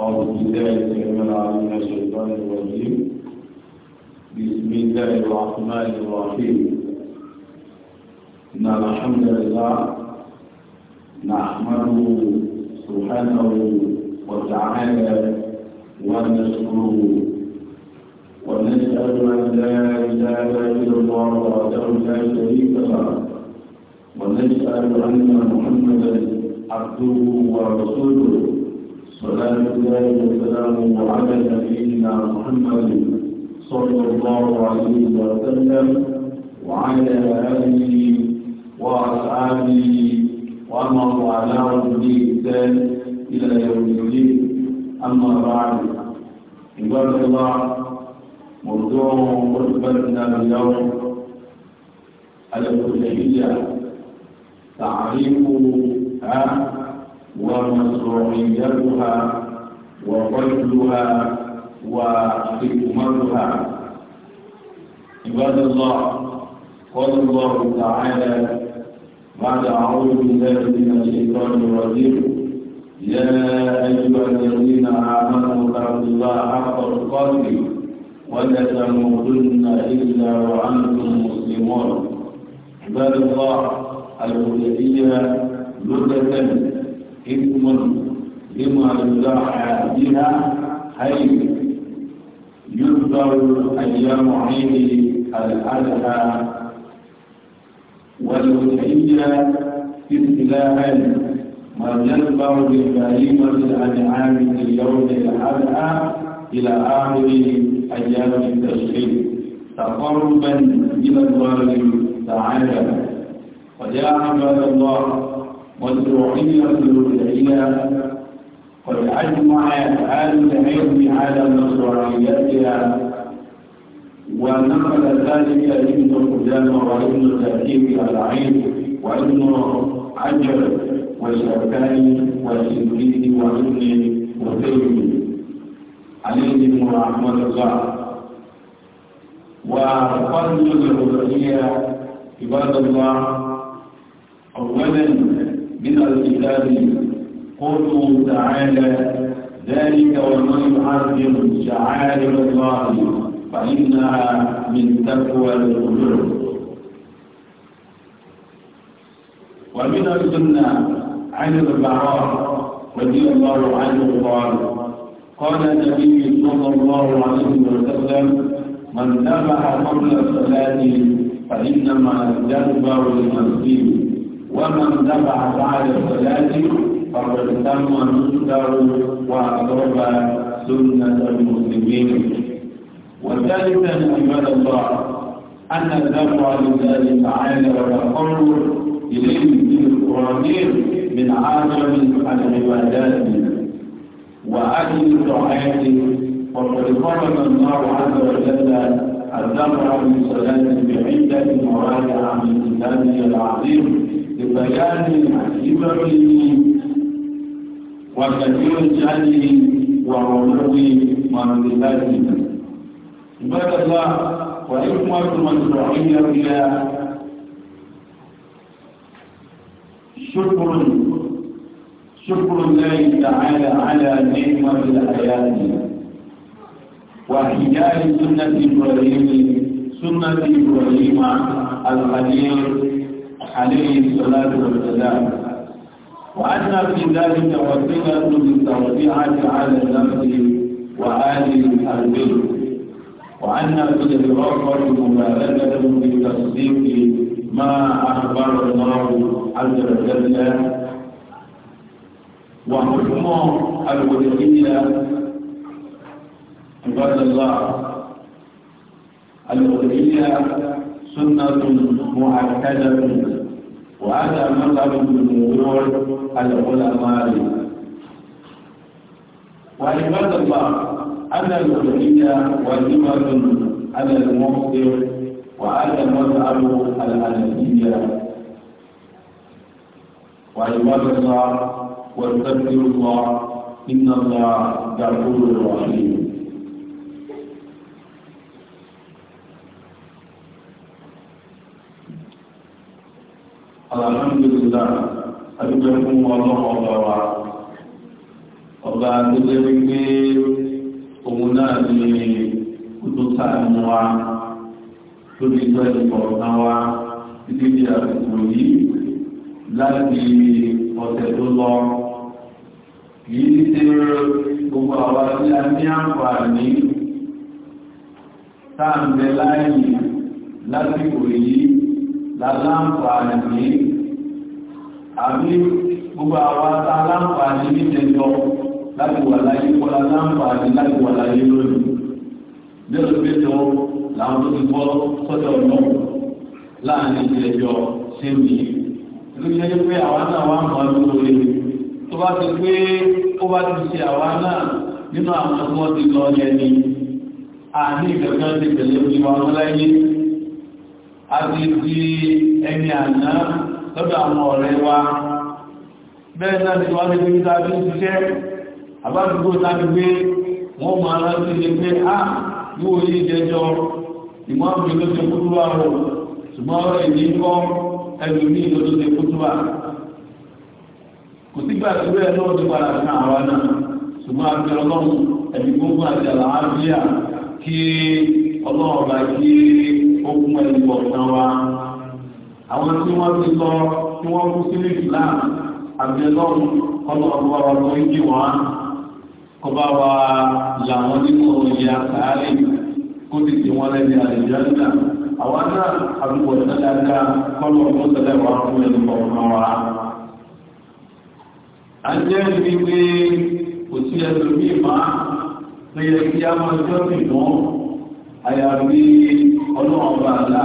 أعوذ بالله من الشيطان الرجيم بسم الله الرحمن الرحيم إن الحمد لله نحمده سبحانه وتعالى ونشكره ونشهد أن لا إله إلا الله وحده لا شريك له ونشهد أن محمدا عبده ورسوله صلاة الله وسلامه على نبينا محمد صلى الله عليه وسلم وعلى آله وأصحابه ومن والاه بإحسان إلى يوم الدين أما بعد عباد الله موضوع خطبتنا اليوم الألوهية تعريفها ومشروعيتها وفضلها وحكمتها عباد الله قال الله تعالى بعد أعوذ بالله من الشيطان الرجيم يا أيها الذين آمنوا اتقوا الله حق تقاته ولا تموتن إلا وأنتم مسلمون عباد الله الوجودية لغة إثم لما دعا بها حيث يذكر أيام عيد الأضحى في اصطلاحا ما يذكر بكريمة الأنعام في يوم الأضحى إلى آخر أيام التشريق تقربا إلى الله تعالى وجاء عباد الله والشيوعية الولاية قد أجمع أهل العلم على مشروعيتها ونقل ذلك ابن قدامة وابن تأثير العين وابن عجل والشوكاني والسنجيد وابن وثيمي عليهم رحمة الله وقرن العبودية عباد الله أولا من الكتاب قوله تعالى ذلك ومن يعظم شعائر الله فإنها من تقوى القلوب ومن السنة عن البراء رضي الله عنه قال قال النبي صلى الله عليه وسلم من ذبح قبل الصلاة فإنما يذبح المسجد ومن دفع بعد الصلاة فقد تم نصره واضرب سنة المسلمين وثالثا عباد الله أن الدفع لله تعالى والتقرب إليه في القرانين من أعظم العبادات وأجل دعائه وقد فرض الله عز وجل الدفع من صلاة بعدة مراجعة من كتابه العظيم لبيان وكثير وتزوجه وعلو منزلته عباد الله وحكمة مشروعية إلى شكر شكر الله تعالى على نعمة الحياة وحجاج سنة إبراهيم سنة إبراهيم الخليل عليه الصلاة والسلام وأن في ذلك وسيلة للتربية على النفس وعالي القلب وأن في الرغبة مباركة بتصديق ما أخبر الله عز وجل وحكم الوجهية عباد الله الوجهية سنة مؤكدة وهذا من جمهور العلماء وعباد الله أن الوحيدة واجبة على المفطر وعلى مذهب الحنفية وعباد الله واستغفر الله إن الله غفور رحيم alhamdulillah adúgbò fún ọlọ́run ọba wa ọba tó jẹ́ wípé òun náà ní kútó sáàmù wa lórí ìjọ ìkọ̀ọ̀kan wa títí di àsìkò yìí láti ọ̀sẹ̀ tó lọ yìí ti gbogbo àwa tí a ní àǹfààní táàmù láàyè lásìkò yìí láláǹfààní àbí gbogbo àwọn ata láǹfààní ní tẹjọ láti wà láyé kọlá láǹfààní láti wà láyé lónìí bẹ́ẹ̀ ló péjọ làwọn tó ti bọ́ sọ́dọ̀ náà láàrin ìtẹ̀jọ sí mi ló jẹ́ pé àwa náà wà mọ́ lóore tó bá ti pé ó bá ti ṣe àwa náà nínú àwọn tó wọ́n ti lọ yẹn ni àní ìgbẹ̀gbẹ́ ti tẹ̀lé òní wa láyé àti di ẹni àná lọ́dọ̀ àwọn ọ̀rẹ́ wa bẹ́ẹ̀ náà ti wá ní pé níta bí ṣiṣẹ́ àbádúgbò tàbí pé wọ́n máa rántí lè pé á yóò yí jẹjọ ìmọ̀ọ́bì ló ti kúrú wa rò ṣùgbọ́n ọ̀rọ̀ ìdí ń kọ́ ẹlòmí ló tó ti kúrú wa kò fún ẹni kọ̀ọ̀kan wa àwọn tí wọ́n ti sọ tí wọ́n kú sí Islam àbẹ̀lọ́run kọ́lọ̀ ọba wa tó ń jì wọ́n kọba wa làwọn nínú ìyá sàárè kó ti tì wọ́n lẹ́ni àlejò náà àwọn náà àdúgbò ìsàdáka kọ́lọ̀ ọdún tẹ́lẹ̀ wà fún ẹni kọ̀ọ̀kan wa. a jẹ́ ibi pé kò sí ẹlòmíì máa ń yẹ kí a máa jọ́ ìmọ̀ àyàfi ọlọ́run bá dá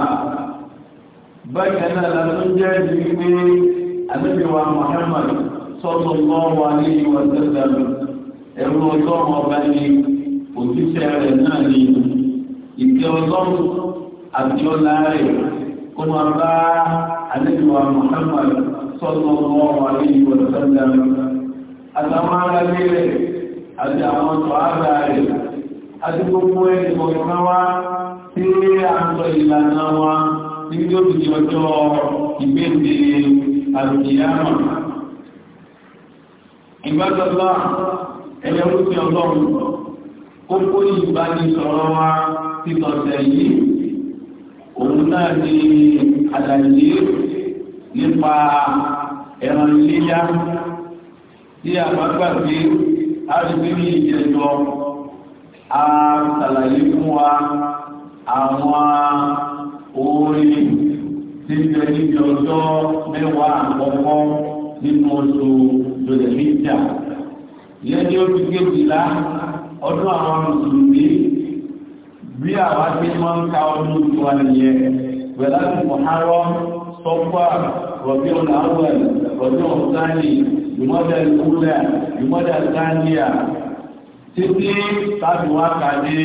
bákan náà lọ́dún jẹ́ ìdí pé àdébíwá Muhammad sọ́tọ̀ lọ́wọ́ aléyìí wọ́n tẹ́lẹ̀ lọ ẹ̀rù ọlọ́run ọba ni òjíṣẹ́ rẹ̀ náà ni ìkẹ́ ọlọ́run àti ọlá rẹ̀ kó máa bá àdébíwá Muhammad sọ́tọ̀ lọ́wọ́ aléyìí wọ́n àtàwọn aráàlú rẹ̀ àti àwọn tọ́ àgbà rẹ̀ àti gbogbo ẹni kọ̀ọ̀kan wá tí a ń sọ ìlànà wa ní tí ó fi ọjọ́ ìgbéǹde àlùkìyàmà ìbádọ́lá ẹ̀yẹ orúkẹ ọlọ́run kókó ìbánisọ̀rọ̀ wa ti tọ̀sẹ̀ yìí òun náà ni àlàyé nípa ẹran iléyá tí a bá a rí bí ìjẹjọ a ṣàlàyé fún wa àwọn orin tí ń bẹ níbi ọjọ́ mẹ́wàá àkọ́kọ́ nínú oṣù lòdẹ̀míjà ìyẹn ní oṣù kejìlá ọdún àwọn mùsùlùmí bí àwa ti máa ń ka ọdún oṣù wa nìyẹn pẹ̀lú àti mọ̀hárọ́ sọ́fà rọ̀bí ọ̀nà rọ̀bí ọ̀sánì ìmọ̀dà ìkúlẹ̀ ìmọ̀dà ìkánìyà títí tábìwá kàdé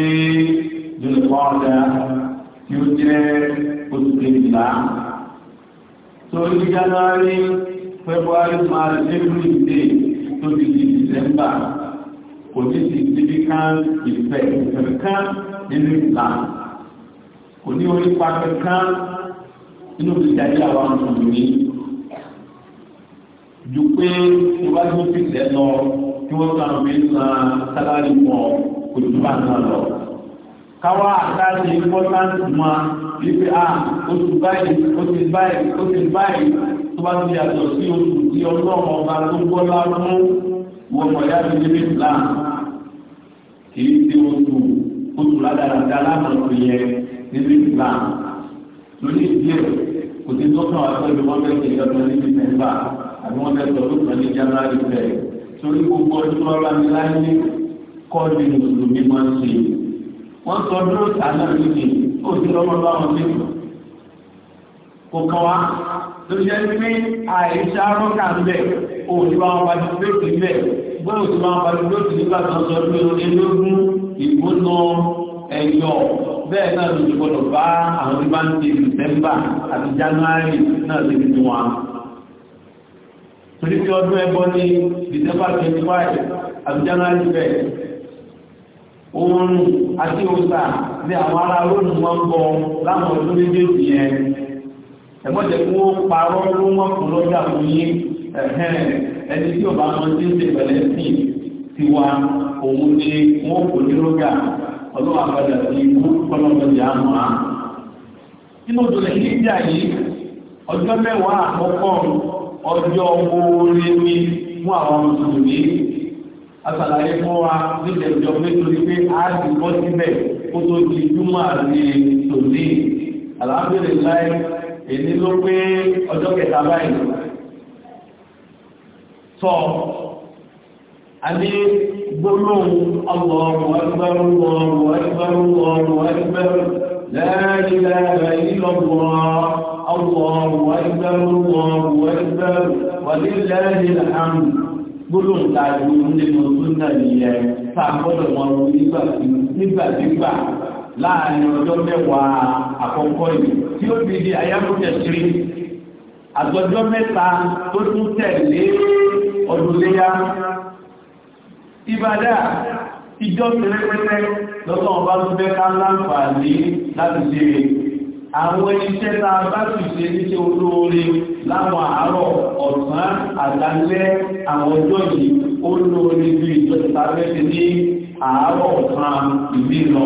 lùkọ́ọ̀dà tí ó jẹ́ oṣù kejìlá tó ní january february march april may tó ti di december kò ní significant effect kankan nínú islam kò ní orípa kankan nínú ìdájí àwọn mùsùlùmí ju pé ìwádìí ti lẹ́ lọ kí wọ́n kàn fi san sálárì pọ̀ kò jù bá náà lọ káwá àtàrí ìpọ́táǹtì mọ́ wípé a ah, oṣù báyìí oṣù báyìí oṣù báyìí tó bá ti yàtọ̀ sí oṣù tí ọlọ́run ọba tó gbọ́lá fún wọn mọ̀lá ti dé Islam kì í ṣe oṣù oṣù ládàradà lámọ̀tò yẹ nínú Islam lórí ìdíyẹ kò sí tó kàn wá pẹ̀lú wọn bẹ́ẹ̀ ṣe ìjọba ní December àbí wọn bẹ́ẹ̀ sọ ló kàn ní January fẹ́ torí gbogbo ọdún ọlọ́run láyé kọ́ ni máa ń ṣe wọ́n sọ dúró tààlà lóde ó sì lọ́mọ bá wọn lé kò kàn wá ló jẹ́ pé àìsà rọ́kà ń bẹ̀ òun bá wọn wájú pé kì í bẹ̀ gbọ́dọ̀ tó máa wájú pé kì í bá tó sọ pé ológun ìgbóná ẹ̀yọ̀ bẹ́ẹ̀ náà ló ti gbọ́dọ̀ bá àwọn tí bá ń ṣe dìsẹ́mbà àti january náà ti fi wọn torí pé ọdún ẹgbọ́n ní dìsẹ́mbà twenty àti january bẹ́ẹ̀. oorun àti òòsà ní àwọn ará róòmù wọn bọ láwọn ọdún méjèèjì yẹn ẹ̀gbọ́n jẹ́ kí wọ́n ló wọ́n kún lọ́jà fún yín ẹni tí ọba wọn ti ń ṣe pẹ̀lẹ́ sí tiwa òun ni wọ́n kò ní lọ́gà ọlọ́wọ́ àgbàdà sí ikú kọ́lọ́mọdé àmọ́ nínú ọjọ́ mẹ́wàá àkọ́kọ́ ọjọ́ oore mi àtàlàyé fún wa nílẹ̀ ìjọ pé torí pé a ti bọ́ síbẹ̀ kó tó di júmọ̀ àti tòní àlàáfíìrì láì èyí ló pé ọjọ́ kẹta báyìí sọ àní gbólóhùn ọlọ́run ẹgbẹ́rún ọlọ́run ẹgbẹ́rún ọlọ́run ẹgbẹ́rún lẹ́yìn lẹ́yìn lọ́gbọ̀n ọlọ́run ẹgbẹ́rún ọlọ́run ẹgbẹ́rún wàlílẹ́yìn àmì gbólóhùn tá a ju nínú súnà nìyẹn tá a gbọ́dọ̀ mọ ọrùn nígbàdégbà láàrin ọjọ́ mẹ́wàá àkọ́kọ́ yìí tí ó fi di ayámújẹ sírí àtọjọ́ mẹ́ta tó tún tẹ̀lé ọdún léyà ìbádà ìjọ pẹrẹpẹrẹ lọ́sọ̀ọ́ bá tún bẹ́ẹ̀ ká láǹfààní láti ṣe àwọn iṣẹ́ tá a bá sì ṣe níṣẹ́ olóore láwọn àárọ̀ ọ̀sán àdálẹ́ àwọn ọjọ́ yìí olóore bí ìjọba tàbí ní àárọ̀ ọ̀sán ìbí lọ.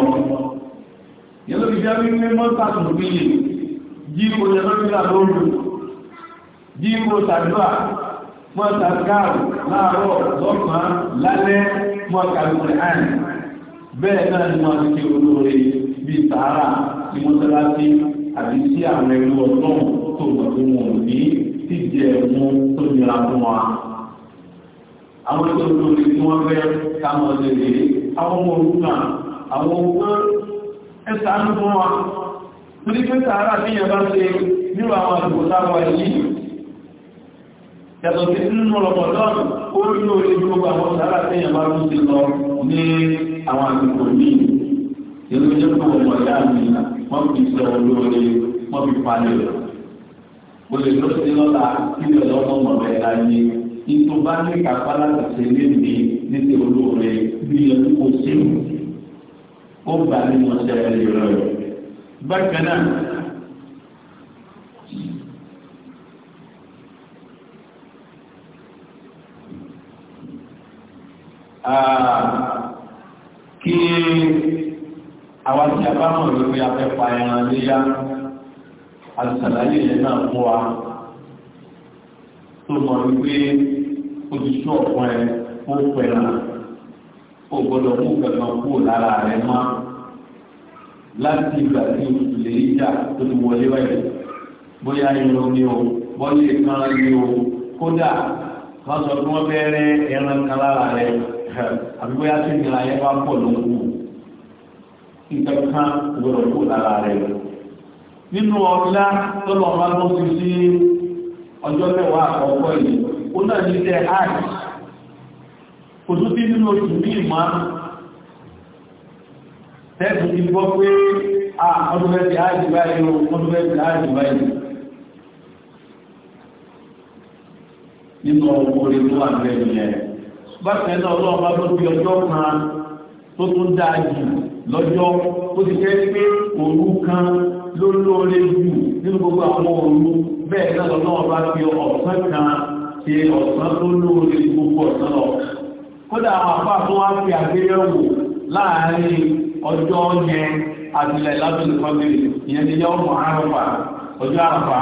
yẹ́lò ìjá wípé mọ́tàkùn bíyè jíko yẹ́lọ́gbìlà lóru jíko tàdúrà mọ́tàkàrù láàárọ̀ lọ́sàn lálẹ́ mọ́tàkùn àìn bẹ́ẹ̀ náà ni wọ́n ti olóore bíi sàárà ní mọ́tàlásí àbí sí àwọn ẹrú ọdún tó mọ̀ tó wọn ò ní tíjẹ mú tó nira fún wa. àwọn tó ń lórí tí wọ́n fẹ́ káwọn ọdún rèé àwọn ọmọ òrukàn àwọn ọmọ ẹ̀sà ń fún wa. torí pé sàárà bí yẹn bá ṣe nírò àwọn àdúgbò táwa yìí yàtọ̀ sí nínú ọlọ́pọ̀lọ́n ó rí orí gbogbo àwọn sàárà tí yẹn bá tún ti lọ ní àwọn àdúgbò míì. èrò ìjọba ọmọ ìyá mi náà wọ́n fi sọ olóore wọ́n fi palẹ̀ lọ. olè ló ti lọ́la sílẹ̀ lọ́mọ mọ̀lẹ́ láyé ìtò bá ní kápá láti ṣe lébi níbi olóore bí ẹni kò sí ó gbà nínú ọ̀sẹ̀ rẹ̀ rẹ̀. bákan náà kí àwọn tí a bá mọ̀ lórí afẹ́fà ẹran léyá àtìsàlàyé yẹn náà fún wa tó mọ̀ wípé ojúṣú ọ̀pọ̀ ẹ ó pẹ̀lá ó gbọ́dọ̀ mú kankan kúrò lára rẹ̀ mọ́ láti ìgbà tí oṣù lè yíjà tó ti wọlé wáyé bóyá irun ni o bọ́lí kan ni o kódà wọ́n sọ pé wọ́n fẹ́ rẹ́ ẹran kan lára rẹ̀ àbí bóyá tí yẹn bá pọ̀ ló nǹkan kan gbọdọ̀ kú lára rẹ̀ nínú ọlá tọ́lọ̀ máa lọ sí sí ọjọ́ mẹ́wàá àkọ́kọ́ yìí ó náà ní tẹ́ hajj kò tún sí nínú oṣù ní ìmọ̀ tẹ́sù ti gbọ́ pé a ọdún mẹ́sì hajj báyìí o ọdún mẹ́sì hajj báyìí nínú orí tó wà nílẹ̀ yẹn bákan náà ọlọ́ọ̀bá tó fi ọjọ́ kan tó tún dáa jù lọ́jọ́ ó ti jẹ́ pé òru kan ló lóore jù nínú gbogbo àwọn òru bẹ́ẹ̀ náà lọ́wọ́ bá fi ọ̀sán kan ṣe ọ̀sán tó lóore gbogbo ọ̀sán lọ kódà àwọn àpá tó wá fi àgbéyẹ̀wò láàárín ọjọ́ yẹn àtìlẹ̀ lábẹ́lẹ̀ kọ́lẹ̀ ìyẹn ni yọ́ mọ̀ àrọ̀fà ọjọ́ àrọ̀fà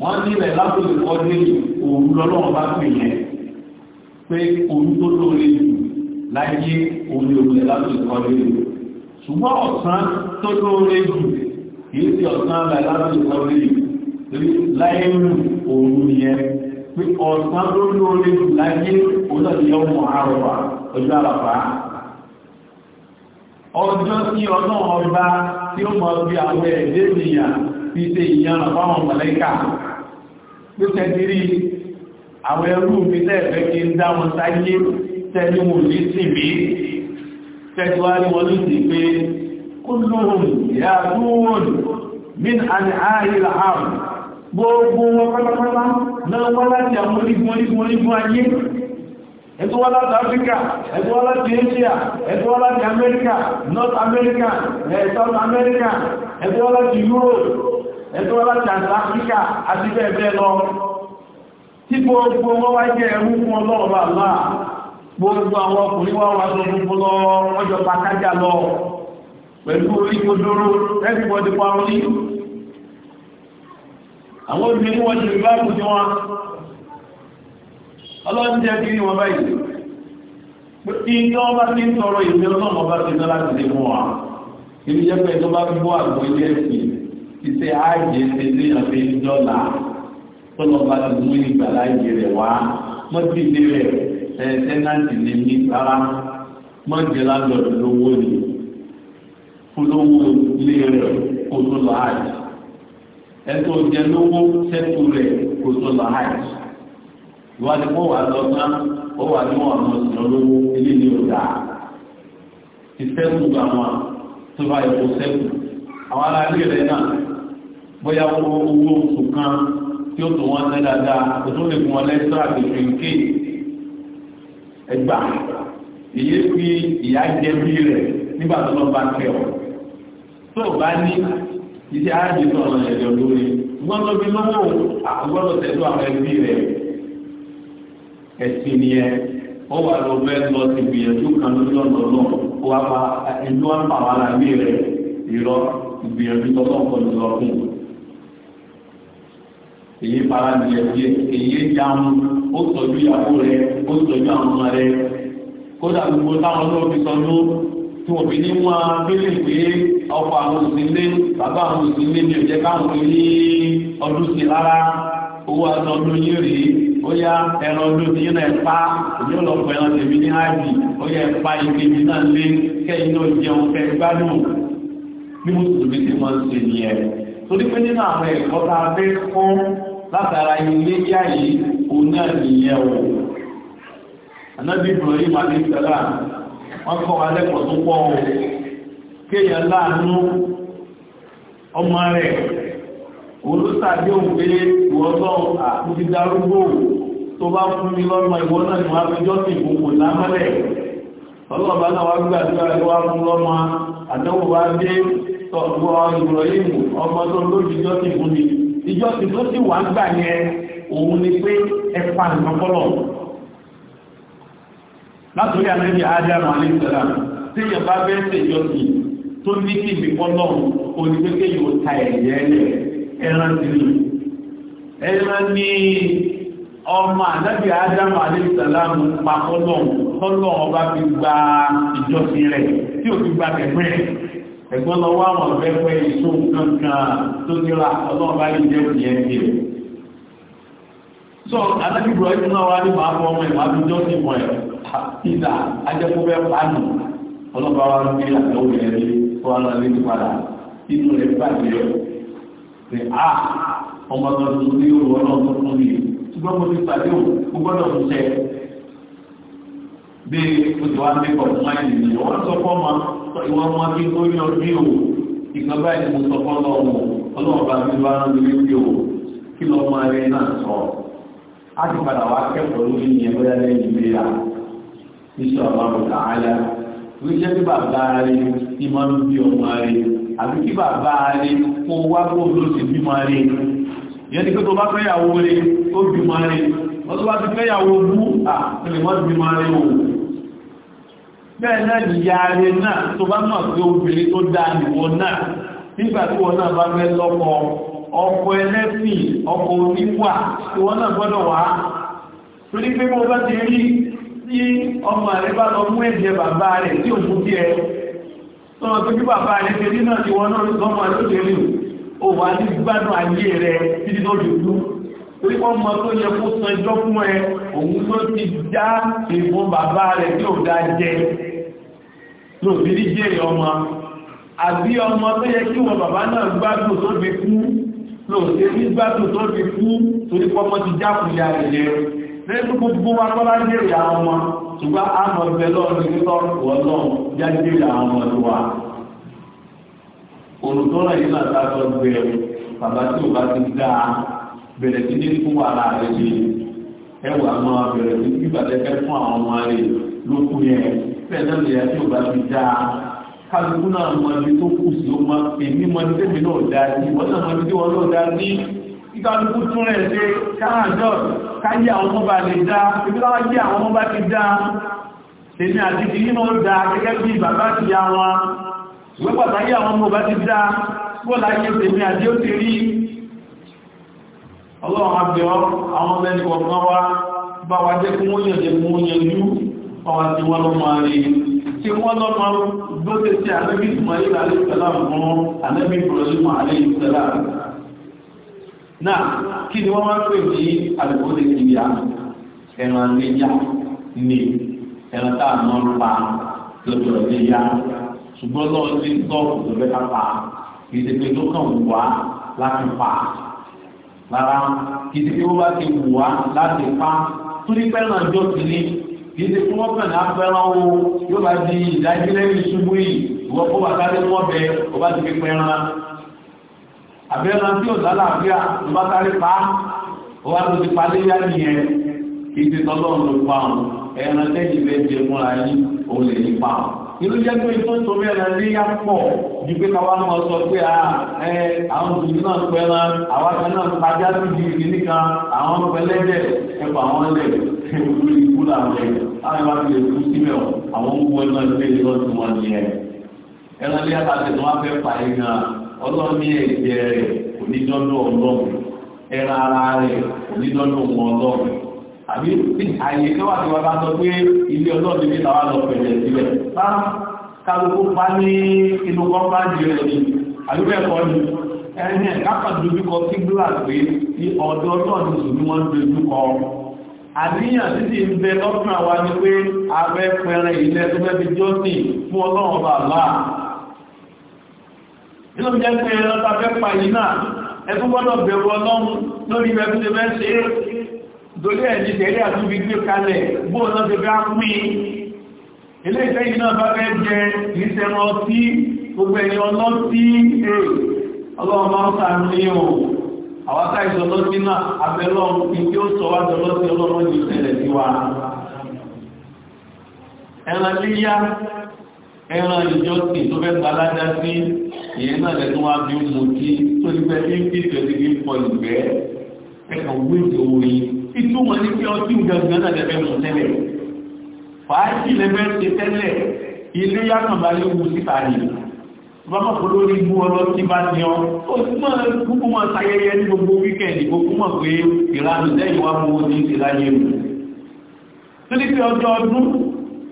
wọ́n nílẹ̀ lábẹ́lẹ̀ kọ́lẹ̀ òun lọ́lọ́wọ́ bá pè yẹn pé òun tó lóore jù láyé òun lè wọlé lábẹ́lẹ̀ ṣùgbọ́n ọ̀sán tó lóore jù kìí sí ọ̀sán láìláàbí ìwọ̀n rí rí láìrù òun yẹn pé ọ̀sán tó lóore jù láyé òtọ́lẹ̀ ọmọ àrọ̀wà ọjọ́ àràpá ọjọ́ tí ọ̀nà ọba tí ó mọ̀ bí àwọn ẹ̀dẹ́ ènìyàn fi ṣe ìyànà fáwọn mọ̀lẹ́kà ló tẹ́tírí àwọn ẹrú mi tẹ́ẹ̀fẹ́ kí ń dá wọn sáyé tẹ́lú wọn ní sí mi tẹ́tíwárí wọn ló sì pé kúlùhùn ìyá túnwòn min àti àìlà àrùn gbogbo wọn pátápátá náà wá láti àwọn onígun onígun onígun ayé ẹ̀tọ́ wá láti africa ẹ̀tọ́ láti Asia láti america North America South America láti Europe láti àti bẹ́ẹ̀ bẹ́ẹ̀ lọ tí gbogbo wá jẹ́ gbogbo àwọn ọkùnrin wá wá sọ funfun lọ ọjọ́ pàkájà lọ pẹ̀lú orí kodoro everybody pa orí àwọn obìnrin wọ́n ṣe ìbáàbù tí wọ́n ọlọ́run jẹ́ kí wọ́n báyìí pé kí ní wọ́n bá ti ń tọrọ ìfẹ́ ọlọ́run ọba ti náà láti lè mú wa kí ní jẹ́ pé tó bá gbọ́ àgbo ilé ẹ̀sìn ti ṣe ààyè ṣe ní ọ̀fẹ́ dọ́là tó lọ́ba ti mú ìgbàláyè rẹ̀ wá mọ́tì ilé rẹ̀ tẹ́ńtàǹtì lè ní rárá mọ́jẹ́ láńlọ́ọ̀dù lówó ni olówó ilé rẹ̀ kò tó lọ àjì ẹ̀tọ́ jẹ lówó sẹ́tù rẹ̀ kò tó lọ àjì ìwádìí wọ́n wà lọ tán ó wà ní wọn àwọn ìṣòro lówó ilé ní ọ̀dà tó bá yẹ kó sẹ́kù àwọn kan tí ó tó ẹgbà èyí fi ìyá jẹ bí rẹ̀ nígbà tó lọ bá kẹ́ ọ tó o bá ní iṣẹ́ ààjì tó ọ̀nà ẹ̀jọ̀ lórí gbọ́dọ̀ bí lọ́wọ́ àgbọ́dọ̀ tẹ̀lé àwọn ẹbí rẹ̀ ẹ̀sìn nìyẹn ó wà lọ bẹ́ẹ̀ lọ sí ìgbìyànjú kan lójú ọ̀nà náà ó wá pa ẹni wọn pa wà lábí rẹ̀ ìrọ̀ ìgbìyànjú tó lọ́kọ̀ ló lọ fún èyí para nìyẹn díẹ̀ èyí jáàmù ó tọ́jú ìyàwó rẹ ó tọ́jú àwọn rẹ kódà gbogbo táwọn náà fi sọnú tí wọ́n fi ní wọn abẹ́lẹ̀ pé ọkọ̀ àwọn òsínlé bàbá àwọn òsínlé ni òjẹ́ káwọn fi ní ọdún sí rárá owó ọdún yìí ó yá ẹran ọdún yìí náà pa òní ọlọ́pàá ẹran tèmi ní áàbì ó yá ẹ̀pa náà lé náà jẹun gbádùn bí mo sì wọn ṣe nìyẹn torí pé nínú àwọn tá a látara ilé yá yìí òun náà nìyẹn o anábì Ibrahim àdìsẹ́lá wọ́n kọ́ alẹ́kọ̀ọ́ tó pọ̀ o kéèyàn láàánú ọmọ rẹ̀ Olusa òun pé ìwọ́sọ́ tó bá fún mi lọ́mọ ọrụ náà ni wọ́n fi lámọ́lẹ̀ ọlọ́ọ̀bá náà wá fún lọ́mọ àdánwò wá dé tọ̀gbọ́ ọmọ tó ìjọ sì tó sì wà ń gbà yẹn òun ni pé ẹ pa nǹkan fọlọ látòrí àmẹ́bí ádámù alẹ́sẹ̀lá tí yẹn bá bẹ́ẹ̀ ṣe ìjọ sì tó ní kí ìbí fọlọ òní pé kéyìí ó ta ẹ̀yẹ́ lẹ̀ ẹran sí ni ẹran ní ọmọ ànábì ádámù alẹ́sẹ̀lá pa fọlọ fọlọ ọba fi gba ìjọ sí rẹ̀ tí ò fi gba tẹ̀gbẹ́ ẹ̀gbọ́n lọ wá wọn lẹ́pẹ́ ìṣó kankan tó nira ọlọ́run bá lè jẹ́ òjì ẹ̀kí rẹ̀. sọ alábìbọ̀ ẹ̀jú náà wá ní màá fọ ọmọ ẹ̀ màá fi mọ̀ ẹ̀ píta ajẹ́kọ́fẹ́ pánù ọlọ́ba wa ní òru ọlọ́run tó bí o wá ń gbé pọ̀ fún wọ́n sọ fọ́ máa ìwọ ọmọ bí ó yọ bí o ìkan báyìí mo sọ fọ́ lọ́wọ́ ọlọ́wọ́ bá mi bá ń lórí bí o kí lọ máa rẹ náà sọ á ti padà wá kẹ́kọ̀ọ́ lórí ìyẹn bóyá lẹ́yìn ìgbéra iṣẹ́ ọlọ́run tààlà wí jẹ́ bí bàbá rẹ ní máa ń bí ọmọ rẹ àbí kí bàbá rẹ kó wá kó ló sì bí máa rẹ ìyẹn ni pé tó bá fẹ́yàwó rẹ ó bí máa rẹ wọ́n tó bá ti fẹ́yàwó bú à ó lè má bí máa rẹ òun bẹ́ẹ̀ náà ìyá rẹ̀ náà tó bá mọ̀ pé obìnrin tó dáa nìwọ náà nígbà tí wọn náà bá fẹ́ lọ́kọ ọkọ ẹlẹ́sìn ọkọ oníwà tí wọn náà gbọ́dọ̀ wá torí pé mo bá ti rí tí ọmọ rẹ̀ bá lọ mú ẹ̀jẹ̀ bàbá rẹ̀ tí ò fún díẹ̀ tọ́nà tó bí bàbá rẹ̀ ṣe rí náà tí wọn náà lọ́mọ rẹ̀ lóde rí o wà ní gbádùn ayé rẹ̀ títí tó yẹ kó san ẹjọ́ fún ẹ òun tó ti dá ìbọn bàbá rẹ̀ tí ò dá jẹ lòbìrí jèrè ọmọ àbí ọmọ tó yẹ kí wọn bàbá náà gbádùn tó fi kú lòsè ní gbádùn tó fi kú torí pọ́mọ ti jákùnlé àrẹ̀lẹ̀ lẹ́yìn gbogbo wa tọ́lá jèrè àwọn ọmọ ṣùgbọ́n àmọ̀ ìfẹ́ lọ́rùn ní lọ́rùn ọlọ́run já jèrè àwọn ọmọ ló wa olùtọ́lá yìí náà ta sọ gbé ẹ bàbá tí ò bá ti dá a bẹ̀rẹ̀ sí ní fún wàrà rẹ̀ ṣe ẹwà máa bẹ̀rẹ̀ sí gbígbàdẹ́kẹ́ fún àwọn ọmọ rẹ̀ lókun yẹn bẹ́ẹ̀ náà lè yàtí òbá mi dáa kálukú náà mọ ibi tó kù sí ó mọ èmi mọ ibi tèmi náà dáa sí ìwọ náà mọ ibi tí wọn náà dáa sí kíkálukú tún rẹ̀ ṣe káàjọ́ káyé àwọn ọmọ bá lè dáa ibi láwọn jẹ́ àwọn ọmọ bá ti dáa tèmi àti kìí náà dáa gẹ́gẹ́ bí bàbá ti yá wọn ìwé pàtàkì àwọn ọmọ bá ti dáa bọ́ọ̀lá yẹ tèmi àti ó ti rí ọlọ́run àbẹ̀ọ́ àwọn ọmọ ẹni kọ̀ọ̀kan wá bá wa jẹ́ kí wọ́n yẹ̀ ọwọ́ tí wọ́n lọ́ máa rí tí wọ́n lọ́ máa gbọ́dọ̀ sí anábì Ismail alayhi salam fún anábì Ibrahim alayhi náà kí ni wọ́n máa pè ní àdúgbò lè kiri à ẹran léyà ní ẹran tá a máa ń pa lọ́jọ́ léyà ṣùgbọ́n lọ́wọ́ sí tọ́ọ̀kù tó fẹ́ ká pa ìdèpè tó kàn wá láti pa rárá ìdèpè tó bá ti wù wá láti pa torí pẹ́ràn jọ́ sí ní yíṣe tí wọ́n kàn ní apẹ́ran o yóò bá di ìdájí lẹ́yìn ṣubú yìí ìwọ kó wà sáré tí wọ́n bẹ ọ bá ti fi pẹ́ran abẹ́ran tí ò lálàáfíà ló bá sáré pa ó wá tó ti palẹ́ yá nìyẹn kí ti tọ́lọ́run ló pa ọ́n ẹran tẹ́yìn bẹ́ẹ̀ jẹ fúnra yín òun lè ní pa ọ́n irú jẹ́ pé tó ń torí ẹ̀rọ ní yàpọ̀ ju pé káwá náà sọ pé àwọn òṣèlú náà pẹ̀lán àwọn akẹ́ náà pàjá sí ju ìdí nìkan àwọn pẹlẹ́dẹ̀ ẹ̀pọ̀ àwọn lẹ̀ olórí ikú làwọn ẹ̀yẹ. láwọn bá fi èkú síbẹ̀ ọ̀ àwọn ń wọ iná ilé ìlú ọdún wọn ni ẹran ní àtàtẹ̀ tó wá fẹ́ fà yín gan ọlọ́run ẹ̀jẹ̀ rẹ̀ onídọ́dọ̀ ọlọ́run ẹran ara rẹ̀ onídọ́dọ̀ ọmọ àbí àyè bá sọ pé ilé làwọn lọ bá kálukú bá ní inú bá di rẹ̀ ni àníyàn títí ń bẹ lọ́kàn wa ni pé abẹ́ pẹrẹ ilẹ̀ tó fẹ́ fi jọ́sìn fún ọlọ́run ọba àlá nínú jẹ́ pé ẹran ta fẹ́ pa yìí náà ẹkún gbọ́dọ̀ bẹ̀rù ọlọ́run lórí ibẹ̀ tó ṣe fẹ́ ṣe é dorí ẹ̀ ti tẹ̀lé àtúnfi gbé kalẹ̀ bóun náà ti fẹ́ pín ilé ìfẹ́ yìí náà bá àwọn akáìsọ lọ́sí náà abẹ́lọ́ ìdí ó sọ wájọ lọ́sí ọlọ́rọ̀ yìí tẹ̀lẹ̀ sí wa ẹran líyá ẹran ìjọsìn tó fẹ́ gbalájá sí ìyẹn náà lẹ́tún wá bí mo kí tó ti fẹ́ ní fífẹ́ sí ní pọ̀ ìgbẹ́ ẹ̀kọ́ wíjọ orin ìtumọ̀ ní kí ọtí ìgbàgbọ́n náà lẹ́fẹ́ mọ̀ tẹ́lẹ̀ fàájì lẹ́fẹ́ ṣe tẹ́lẹ̀ ilé yá kàn bá bàbá kò lórí ibú ọlọ́ tí bá ní ọ ó túnmọ̀ gbogbo máa sayẹyẹ ní gbogbo wíkẹ̀ndì gbogbo mọ̀ pé ìranù lẹ́yìn wá mú ní ìsìláyé mu torí pé ọjọ́ ọdún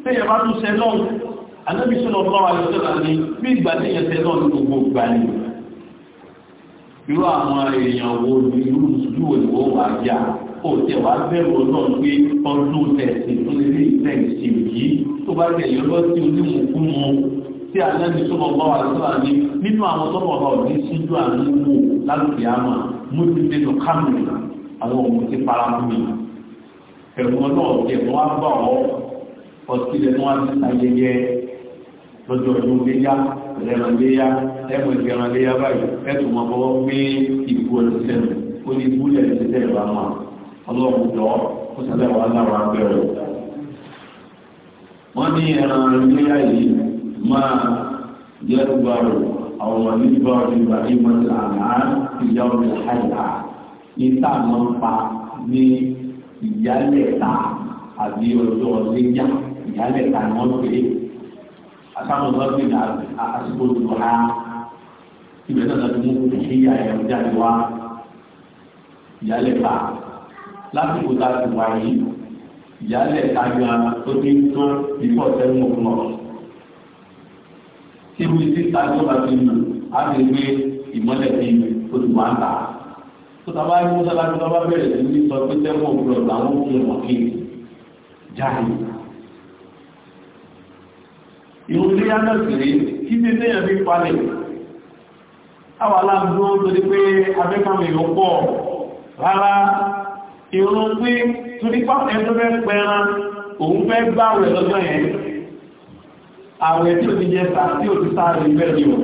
tẹ́yẹ bá tún ṣẹ lọ́n anábì sọ̀rọ̀ bá wà lọ́sọ̀rọ̀ ní bí ìgbà tẹ́yẹ ṣẹ lọ́n ní gbogbo ìgbà ni irú àwọn èèyàn wo ni irú ìlú ìwọ wà yá ó tẹ wá bẹ̀rù ọlọ́run pé ọdún tẹ̀sí tó lè rí ìtẹ̀sí yìí tó bá tí àlẹ́bí sọ́mọ̀ bá wà lọ́sọ́lá ní nínú àwọn tọ́mọ̀ bá ò ní síjú àmì mú lálùkì àmà mú ti nínú kámìlì àwọn ọmọ ti para mú mi ẹ̀rù ọ̀nà ọ̀jẹ̀ wọn á bá ọ ọtí lẹ́nu wá sí ayẹyẹ lọ́jọ́ ọdún léyà ẹ̀rọ léyà ẹ̀mọ̀ ìgbẹ̀rún léyà báyìí ẹ̀tù mọ̀ bọ́ pé ìbú ẹ̀sẹ̀ ó ní búlẹ̀ ẹ̀sẹ̀ ẹ̀rọ àmọ́ ọlọ́run ó sẹ́lẹ̀ wà láwọn abẹ́rẹ́ wọ́n ní ẹran léyà yìí ما يكبر أو ما يكبر في بهيمة الأنعام في يوم الحلقة níta máa ń pa ní ìyálẹ̀ta àbí ọjọ́ ọ̀lẹ́yà ìyálẹ̀ta ni wọ́n pè é àtàwọn ọlọ́gbìn àsìkò tó ha ibẹ̀ náà láti mú ìṣíyà ẹ̀rọ jáde wá ìyálẹ̀ta lásìkò tá a ti wà yìí ìyálẹ̀ta gan tó ti ń tó ìfọ̀sẹ́nu ọ̀gbọ̀n tí mo ti ta ní ọba tó yìí á lè gbé ìmọ́lẹ̀ bíi oṣù wa ń ta. tó ta bá yíwọ́ sábà tó bá bẹ̀rẹ̀ sí ní sọ pé tẹ́wọ̀n òwúrọ̀ làwọn ò lè wọ̀n kéèké jáde. ìròyìn yá náà sì rí kí ní sẹ́yìn fi palẹ̀. àwọn aláàbò ń sọ pé abẹ́kànmí ló pọ̀ rárá ìròyìn pé torí pápẹ́ tó fẹ́ pẹ́ran òun fẹ́ gbáwẹ̀ lọ́jọ́ yẹn àwẹ̀ tí ò ti jẹ sáà tí ò ti sáàrì ìgbẹ́ ni ò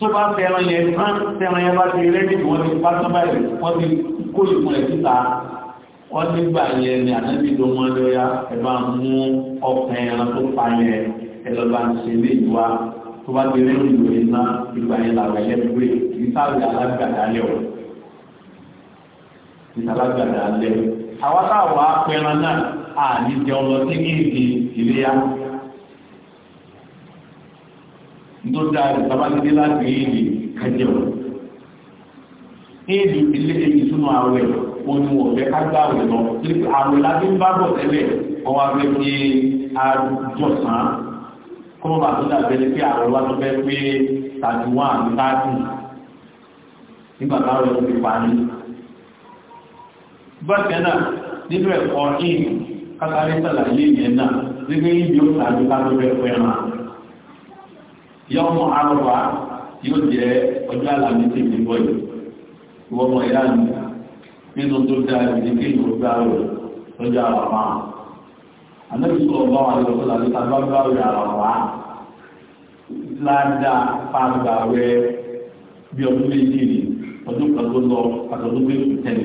tó bá fẹ́ràn yẹn tán fẹ́ràn yẹn bá ti rẹ́dì wọ́n ti bá tó báyìí wọ́n ti kó ìpín ẹ̀ síta wọ́n nígbà yẹn ni ànábì ló mọ́ lóyá ẹ bá mú ọkàn ẹran tó pa yẹn ẹ lọ bá ń ṣe lé ìwà tó bá ti rẹ́dì ìwé ná ìgbà yẹn làwẹ̀ yẹn gbé kì í sáàrì alágbàdá lẹ̀ ọ̀ àwọn táwọn apẹran náà àní jẹun sí ní ìléyà tó dáa rẹ̀ sábàlídé láti èdè kájẹ̀wò èdè ilé ìsúná àwẹ̀ oníwọ̀ fẹ́ kágbà rẹ̀ lọ nípa àwẹ̀ láti ń bá bọ̀ tẹ́lẹ̀ wọ́n wá fẹ́ pé àjọsán kọ́mọ́ bá tó dàbẹ́ ní pé àwẹ̀ wá tó fẹ́ pé tàbí wọn àti táàkì nígbà táwọn ẹ̀rọ ti pa ní. bákan náà nínú ẹ̀kọ́ yìí kátàlẹ́sàlàyé yẹn náà nígbà yìí yóò tàbí ká tó fẹ́ pẹ́ràn yọmọ àrùbá yóò jẹ ọjọ́ àlàmísì ní bọ́ọ̀lù ìwọ ọmọ ìyá mi nínú tó dáa ìdí kí ìlú gbá rẹ̀ lọ́jọ́ àràmá àmẹ́bísọ̀ ọba wà lọ́wọ́ làbí tàbí bá rẹ̀ àràmá ládàá pàgbà rẹ̀ bí ọdún méjì ni ọdún kan tó lọ àtọ̀dún méjì tẹ̀lé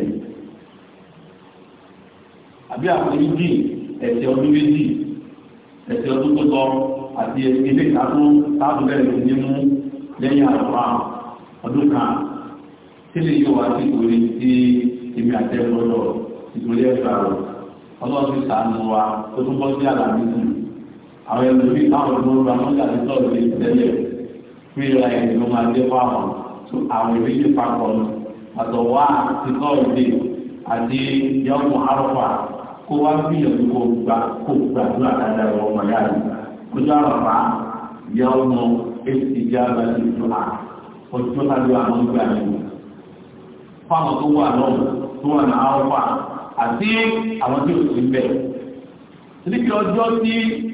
àbí àpò méjì ẹ̀sẹ̀ ọdún méjì ẹ̀sẹ̀ ọdún tó lọ àti ilé ìtàkùn tábùbẹ̀rẹ̀ ní mú lẹ́yìn àrùfà ọdún kan tí lè yóò wá sí ìwòrí tí èmi àtẹ́gbọ́lọ̀ ìgbòrí ẹ̀fà rọ̀ ọlọ́run ti sàánú wa tó tún bọ́ sí àlàmísì àwọn ẹlòmí táwọn ọdún ọdún àwọn ìgbàlẹ̀ sọ̀rọ̀ lè tẹ́lẹ̀ fúnra ẹ̀ ló máa dé fáwọn tó àwọn ìrírí papọ̀ àtọ̀wá àti sọ̀rọ̀ àti yọ̀ọ̀mù àrùfà kó wá gbìyànjú kó gbàdúrà dáadáa ọmọ yára ojú àràpá yà ọmọ èsì ìjà àgbàdo ìjọ à ojú àjọ àwọn ìgbà yìí fáwọn tó wà lọ́wọ́ tó wà ní àwọ̀fà àti àwọn tí ò sí bẹ́ẹ̀. níbi ọjọ́ tí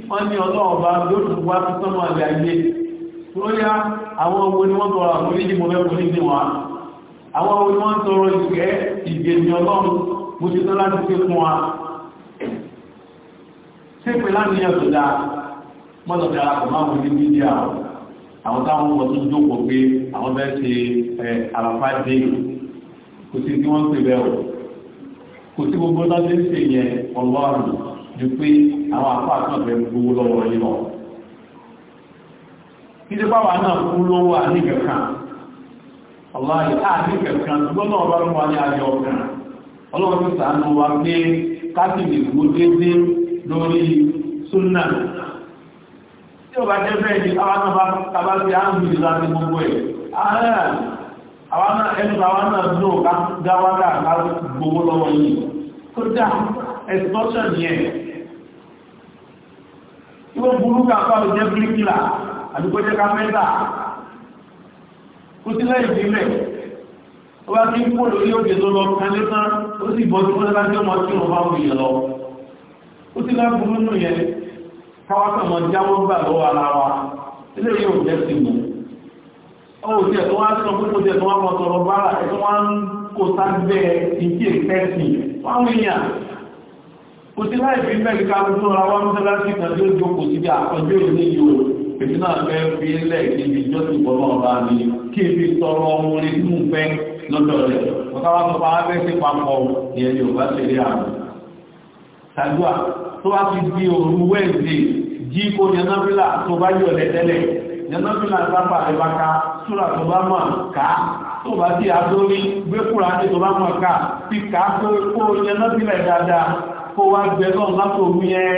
wọ́n ní ọlọ́ọ̀bá lóṣù wá tó sọ́mọ́ àgbà ilé tó yá àwọn owó ni wọ́n tọrọ àwọn oníjì mo fẹ́ kún ní wa àwọn owó ni wọ́n tọrọ ìgbẹ́ ìgbèmí ọlọ́run mo ti tọ́ láti ṣe fún wa ṣé pé láti tó dáa mọ́tò fi ara kò máa wọ ní mídíà àwọn táwọn ọmọ tó jókòó pé àwọn bẹ́ẹ̀ ṣe àlàfà dé kò sí tí wọ́n ń pè bẹ́ẹ̀ kò sí gbogbo náà ń ṣe yẹn ọlọ́run ju pé àwọn àpá lọ́wọ́ báwa tó bá jẹ́ bẹ́ẹ̀ ni àwọn náà tàbá sí àmì ìlànà gbogbo ẹ̀ àwọn ẹnu àwọn náà ní ọ̀gá dáwádà láti gbogbo lọ́wọ́ yìí tó dá ẹ̀sọ́ṣọ̀ yẹn ìwọ̀n burúkú àpáwò jẹ́ bíríkìlà àdúgbòjẹ́ kámẹ́ta kò sílẹ̀ ìbílẹ̀ ó bá kí ń pò lórí òkè tó lọ kánlé tán ó sì bọ́ sí mọ́lẹ́lá tí ó mọ́ sí ọmọ àwọn èèyàn lọ ó sì lọ́ nù yẹn káwákà mọ̀ jáwọ́ gbà lọ́wọ́ ara wa ilé yóò jẹ́ sí mọ̀ ó ti ẹ̀ tó wá sọ pé kó ti ẹ̀ tó wá mọ̀ sọ̀rọ̀ bára ẹ̀ tó wá ń kó sábẹ́ ìdí ìfẹ́sì fáwọn èèyàn kò sí láì fi mẹ́rin ká tó ra wá mọ́sálásí kan tó jókòó síbi àkọjọ́ ìlú yìí o èmi náà fẹ́ fi lẹ̀ níbi ìjọsìn bọ́lá ọba mi kí ebi sọ̀rọ̀ ọmọ orin mú fẹ́ lọ́dọ̀ rẹ̀ ọ̀ká wá sọ pé a fẹ́ sí papọ̀ ìyẹn yóò bá ṣe rí àmì tàdúà tó wá fi di òru wẹ́ẹ̀dì jí kó yanábílà tó bá yọ̀ lẹ́tẹ́lẹ̀ yanábílà sábà ẹ̀bá ka súra tó bá mọ̀ ká tó bá sí adórí gbé kúrò àti tó bá mọ̀ ká ti ká pé kó yanábílà dáadáa kó wá gbẹ náà látòmí ẹ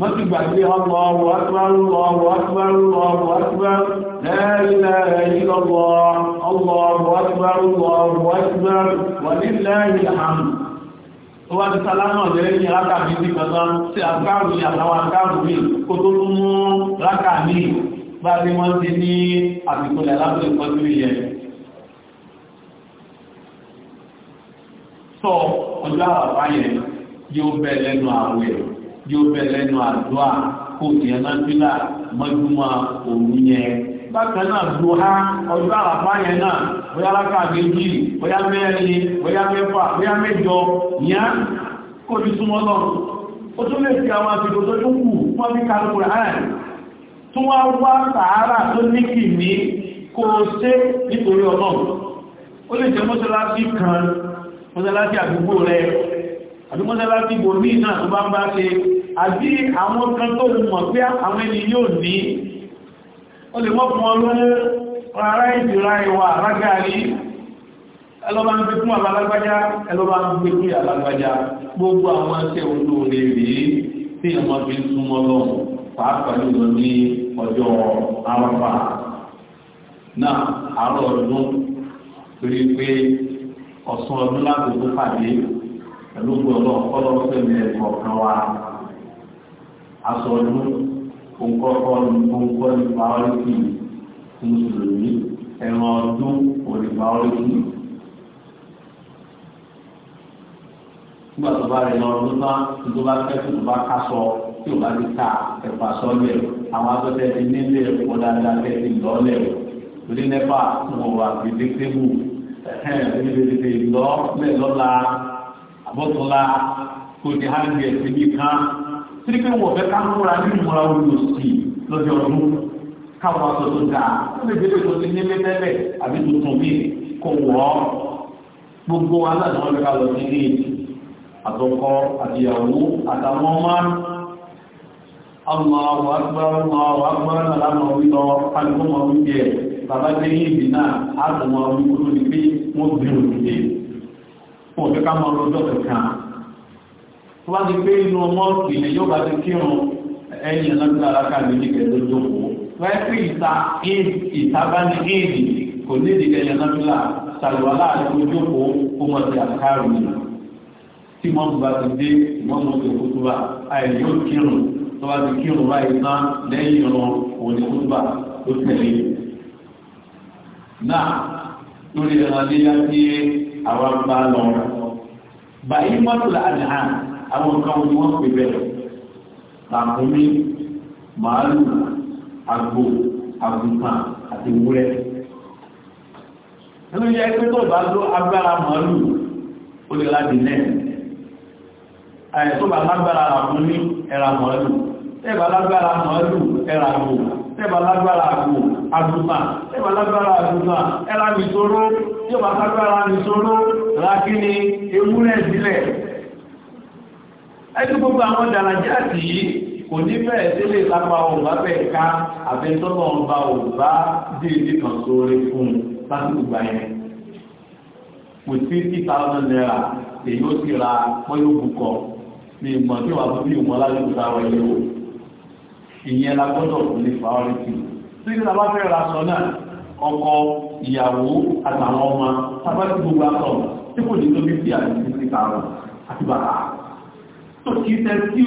mọ́tì gbàgbé ọmọ ọwọ́ akúbárú ọwọ́ akúbárú ọwọ́ akúbárú lẹ́ẹ̀lẹ́ ìlọ́wọ́ ọwọ́ akúbárú ọwọ́ akúbárú wà nílẹ̀ ìhàmù tó bá ti sálámà ọ̀dẹ́rẹ́ ní rákà mi ní kankan sí àgbáàrù ní àtàwọn àgbáàrù mi kó tó tún mú rákà mi bá tí wọ́n ti ní àtìkúnlẹ̀ lábẹ́ ìpọ́jú yẹ sọ ọjọ́ àbá yẹn yóò bẹ̀ lẹ́nu àwẹ̀ yóò bẹ̀ lẹ́nu àdúrà kò sí ẹ̀ náà fílà mọ́júmọ́ òun yẹn bákan náà dùn á ọjọ́ àbá yẹn náà bóyá lákà méjì bóyá mẹ́rin bóyá mẹ́fà bóyá mẹ́jọ yá kó ti súnmọ́ lọ ó tún lè fi àwọn àsìkò tó tún kù wọ́n fi ka lóko láàrín tó wá wá sàárà tó ní kì ní kó o ṣe nítorí ọlọ́run ó lè jẹ́ mọ́sálásí kan mọ́sálásí àdúgbò rẹ àbí mọ́sálásí bòmí náà tó bá ń bá ṣe àbí àwọn kan tó mọ̀ pé àwọn ẹni yóò ní ó lè mọ́ fún ọ lóhun rárá ìjìlá ìwà rágàrí ẹlọ́ba ń gbé fún alágbájá ẹlọ́ba ń gbé fún alágbájá gbogbo àwọn ẹsẹ̀ ojú rẹ̀ rèé tí ìyàmọ́ fi ń súnmọ́ lọ́wọ́ pàápàá jùlọ ní ọjọ́ àràfà náà àárọ̀ ọdún torí pé ọ̀sán ọdún lágbègbè pàdé pẹ̀lú gbọ́dọ̀ ọlọ́run fẹ̀mí ẹ̀kọ́ kan wa aṣọ ọdún òǹkọ́kọ́ òǹkọ́ nípa ọlọ́sìn yìí mùsùlùmí ẹ̀rọ ọdún òrìgbà ọlọ́dún. nígbà tó bá rẹ̀ lọ́dún bá tó bá kẹ́kọ̀ọ́ tó bá kásọ tí ò bá ti ta ẹ̀fà sọ́lẹ̀ àwọn akẹ́kọ̀ọ́ ti nílé ẹ̀kọ́ dáadáa tẹ̀ ti lọ́lẹ̀ lórí nẹ́fà wọn wà gbèdékébù ẹ̀hẹ́n lórí lọ́lẹ̀ lọ́la àbọ̀tọ́lá kò ti hàn bí ẹ̀sìn yìí kan tí wọ́n fẹ́ ká múra nínú múra olùsí lọ́jọ́ ọdún káwọn aṣọ tó dáa ó lè délé tó ti nílé tẹ́lẹ̀ àbí tuntun bíi kò wọ́ gbogbo aláàdé wọn ká lọ sí ilé àtọkọ àtìyàwó àtàwọn ọmọ Allahu akbar Allahu akbar aláàmọ̀ wílọ alùpùpọ̀ wíjẹ bàbá dé ní ìbí náà àtàwọn wíkúrú ní pé wọ́n bẹ̀rù nílé wọ́n fẹ́ ká mọ lọ́jọ́ kankan tó bá ti pé inú ọmọ ìlẹ̀ yóò bá ti kírun ẹ̀yìn alágbára ká méjì kẹ́ẹ̀ẹ́dójókòó fẹ́ẹ́fì ìta ìtaba ní kò ní ìdílé yanáfílà sàlùwàlá àti ojókòó kó mọ̀ sí àkárò mi tí wọ́n bá ti dé wọ́n mọ̀ sí kútúbà àìlè ó kírun tó bá ti kírun tán lẹ́yìn òní tẹ̀lé. náà lórí tí bá lọ rẹ̀ àwọn ni wọ́n pè àgbò àgùntàn àti wúrẹ́ nínú yẹ pé tó bá ló agbára màálù ó lè láti nẹ́ àìsọ́bà lágbára àwọn ní ẹ̀rà màálù tẹ́bà lágbára màálù ẹ̀rà àgbò tẹ́bà lágbára àgbò àgùntàn tẹ́bà lágbára àgùntàn ẹ̀rà mìsòrò tí ó bá lágbára mìsòrò rákí ni ewúrẹ́ sílẹ̀ ẹ̀dùn gbogbo àwọn dàrájá sí yìí kò ní bẹ́ẹ̀ délé lápá ọ̀gbá bẹ́ẹ̀ ká àbẹ́tọ́nà ọba ọ̀gbá dèédé kan sóore fún un lásìkò gbà yẹn kò sí tí thousand naira èyí ó sì ra pọ́yọ́ bùkọ́ ní ìmọ̀ tí wàá fún ìmọ̀ lálẹ́ ìdáwọ̀ ilé wò ìyẹn la gbọ́dọ̀ fún ní priority tí ní sábà fẹ́ ra sọ náà ọkọ ìyàwó àtàwọn ọmọ sábà tí gbogbo àtọ̀ tí kò ní tóbi sí àti títí kàrọ̀ àti bàtà tó kì í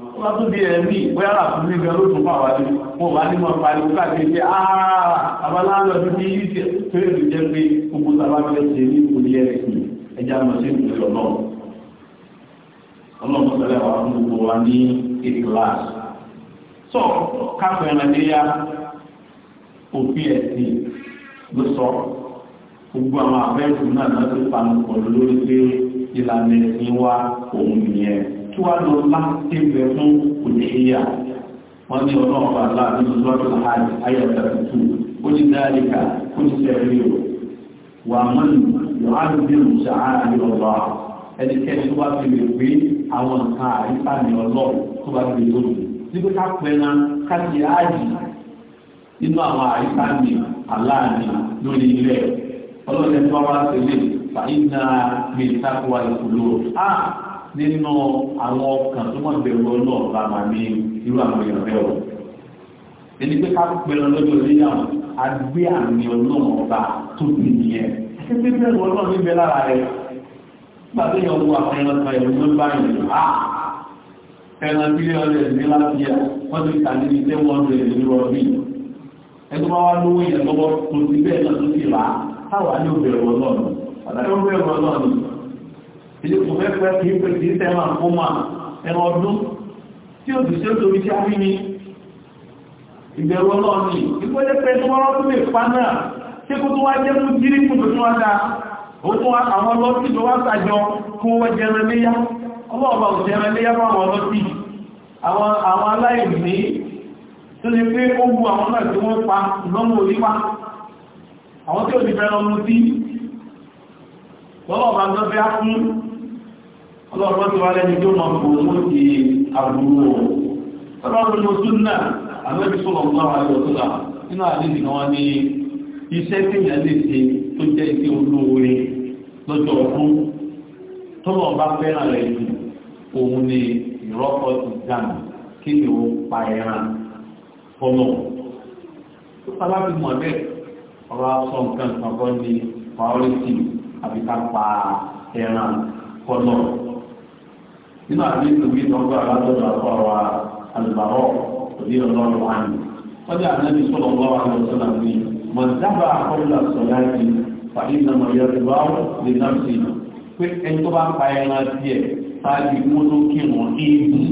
wọ́n tún bí ẹ̀mí bóyá làkúrú ní gan ló tún pàwà ní mo wà ní mọ̀ pariwo káàkiri pé aaa abala ń lọ sí ní yìí tẹ̀ tó yẹ kó jẹ́ pé gbogbo sábà fẹ́ ṣe ní ìkòlí ẹ̀rẹ̀ sí ẹja lọ sí ìpínlẹ̀ ọ̀nà ọlọ́run sọ̀rọ̀ àwọn fún gbogbo wa ní tí wá lọ láti bẹ̀ fún kùnìyà wọ́n ní ọ̀nà ọ̀fà láàrin lọ́dọ̀ láàrin ayàtà tuntun ó ní dáríkà ó ní sẹ́rí o wà mọ́nì yọ̀hánù bí mo ṣàárà ní ọ̀rọ̀ ẹnikẹ́ni tó bá fi lè gbé àwọn nǹkan àyíká ní ọlọ́run tó bá fi lè lóògùn nígbà ká pẹ́ná tó nínú àwọn ọkàn tó mọ̀ bẹ̀rù ọlọ́ọ̀ bá máa ní irú àwọn èèyàn bẹ́ẹ̀ o. ẹni pé ká pẹ́ lọ lọ́jọ́ níyàwó a gbé àmì ọlọ́ọ̀ ọba tó ti nìyẹn. ṣé pé bẹ́ẹ̀rù ọlọ́ọ̀ ní bẹ lára rẹ̀ nígbà tó yẹ wo àwọn ẹran kan ẹ̀rù ló bá yẹn á ẹran tó bá wá lówó yẹn lọ́wọ́ ilé kò fẹ́ pẹ́ kí pé kí tẹ́mà kó mà ẹran ọdún tí ó dùsẹ́ lórí tí a rí ni ìbẹ̀rù ọlọ́ọ̀ni ìgbọ́dẹ̀ pẹ́ tó wọ́n tó lè pa náà tí kó tó wá jẹ́ fún jírí fún tó tún wá dá ó tún àwọn ọlọ́tí tó wá sàjọ kó wọ́n jẹran léyá ọlọ́ọ̀bà ò jẹran léyá fún àwọn ọlọ́tí àwọn aláìní tó lè pé ó wu àwọn náà tí ò ti fẹ́ràn ọmọ sí lọ́wọ́ bá ń lọ́fẹ́ á fún ọlọ́pàá ti wá lẹ́ni tó máa kò mú ti àbúrò ọlọ́pàá ló tún náà àmẹ́bí sọ̀rọ̀ ọ̀gá wa yọ̀ tó là nínú àdéhì náà wá ní iṣẹ́ tí ìyá lè ṣe tó jẹ́ iṣẹ́ olóore lọ́jọ́ ọdún tó lọ́ọ́ bá fẹ́ràn rẹ̀ jù nínú àdéhùn mi tó ń gbà látọ̀dọ̀ àfọwà àlùbárọ̀ òbí ọlọ́run wà ní. sọ́jà ànábi sọ̀rọ̀ lọ́wọ́ àlọ́sọ̀lá ní mọ̀dábà àkọ́lá sọ̀lá ti fàyè nàmọ̀ yorùbá lè náà sí i pé ẹni tó bá pa ẹran díẹ̀ sáájú mọ́tò kírun éèdì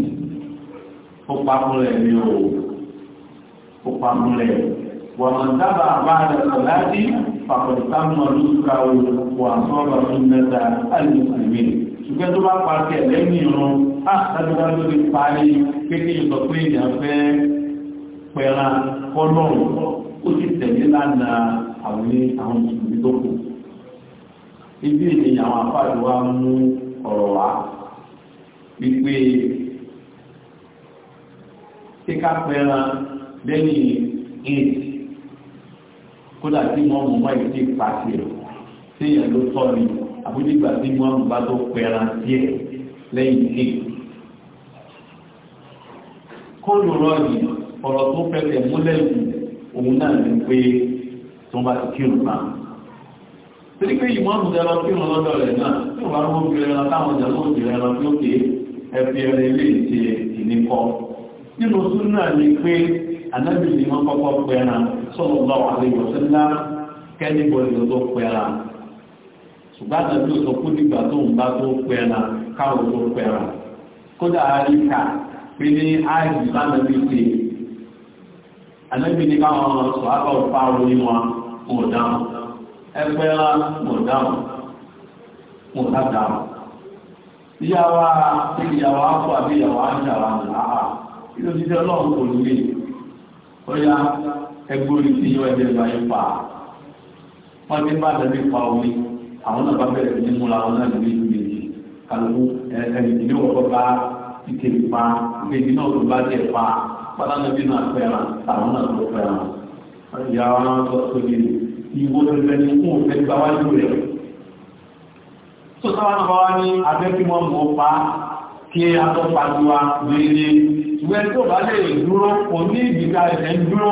ó pamúlẹ̀ ní o ó pamúlẹ̀ wọ̀n dábà àbáàdà sọ̀lá ti fàkọ̀tà mọ̀lúkà òkú al-muslimin ṣùgbọ́n tó bá pàṣẹ lẹ́yìn ìrún àtàdúgbà tó ti parí kéde ìsọ pé èèyàn fẹ́ pẹ̀ra fọ́lọ́run ó sì tẹ̀lé lánàá àwọn àwọn mùsùlùmí tó kù ibi ènìyàn àwọn àfáàdù wa mú ọ̀rọ̀ wá wípé kíká pẹ̀ra lẹ́yìn eight kódà tí wọ́n mú wáyé tí pàṣẹ tí èèyàn ló tọ́ ni àbójúgbà tí wọ́n bá tó pẹ̀ra díẹ̀ lẹ́yìn ilé kọ́ọ̀lù rọ́ọ̀lì ọ̀rọ̀ tó fẹ́fẹ́ múlẹ̀ jù òun náà ní pé tó bá ti kírun náà torí pé ìmọ̀ àmùjẹ lọ kírun lọ́dọ̀ rẹ̀ náà tí wọ́n bá rọ́ bí rẹ̀ lọ táwọn ọjà lọ́wọ́ bí rẹ̀ lọ bí ó ké ẹbí ẹrẹ ilé ìṣe ìníkọ́ nínú súnà ní pé anábìlì wọn kọ́kọ́ pẹ̀ra sọ́lọ́lọ́ àlejò sílá kẹ́ni bọ́ọ̀lù tó pẹ̀ra ṣùgbọ́n àdàbí sọ fún tó ń bá tó pẹ́ra káwọn tó pẹ́ra kódà àríkà pé ní àìsí ṣe ní káwọn sọ àbá òfà orí wọn mò dáhùn ẹgbẹ́ra mò dáhùn mò dáhùn afọ àbí ìyàwó ìlú ti ti yọ ẹgbẹ́ ìgbà wọ́n àwọn náà bá bẹ̀rẹ̀ ní múra àwọn náà lè ní ìgbèjì kálukú ẹ̀ẹ́dì ní ọ̀pọ̀ bá ìké pa ìgbèjì náà ló bá jẹ́ pa pátánà bí náà fẹ́ràn àwọn náà ló fẹ́ràn. ìyá wa náà sọ sóde ìwo tẹ̀lé ní kún òfẹ́ gba wájú rẹ̀. tó sábà náà bá wá ní abẹ́kímọ́ mọ́ pa kí atọ́pàdùwà lóye ìwé tó bá lè dúró kò ní ìgbìkà ẹ̀sẹ̀ ń dúró